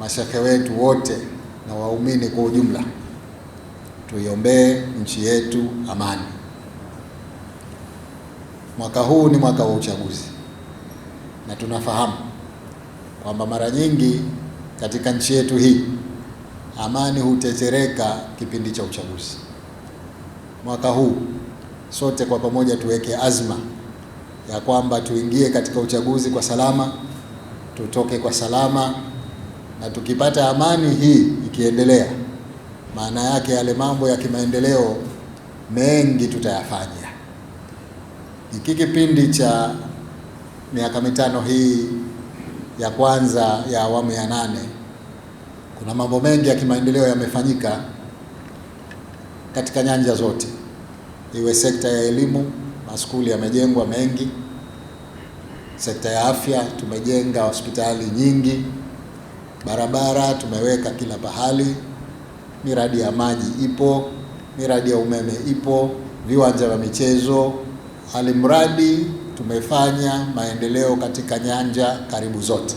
mashehe wetu wote na waumini kwa ujumla, tuiombee nchi yetu amani. Mwaka huu ni mwaka wa uchaguzi, na tunafahamu kwamba mara nyingi katika nchi yetu hii amani hutetereka kipindi cha uchaguzi. Mwaka huu sote kwa pamoja tuweke azma ya kwamba tuingie katika uchaguzi kwa salama, tutoke kwa salama na tukipata amani hii ikiendelea, maana yake yale mambo ya kimaendeleo mengi tutayafanya. Hiki kipindi cha miaka mitano hii ya kwanza ya awamu ya nane, kuna mambo mengi ya kimaendeleo yamefanyika katika nyanja zote, iwe sekta ya elimu, maskuli yamejengwa mengi, sekta ya afya tumejenga hospitali nyingi. Barabara tumeweka kila pahali, miradi ya maji ipo, miradi ya umeme ipo, viwanja vya michezo, mradi tumefanya maendeleo katika nyanja karibu zote.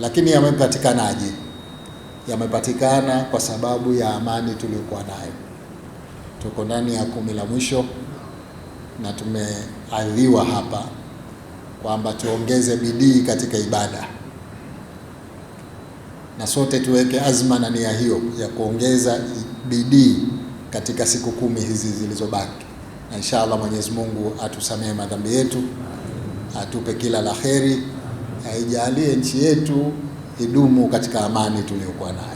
Lakini yamepatikanaje? Yamepatikana kwa sababu ya amani tuliyokuwa nayo. Tuko ndani ya kumi la mwisho na tumeadhiwa hapa kwamba tuongeze bidii katika ibada na sote tuweke azma na nia hiyo ya kuongeza bidii katika siku kumi hizi zilizobaki, na insha Allah Mwenyezi Mungu atusamehe madhambi yetu, atupe kila la heri, aijalie nchi yetu idumu katika amani tuliyokuwa nayo.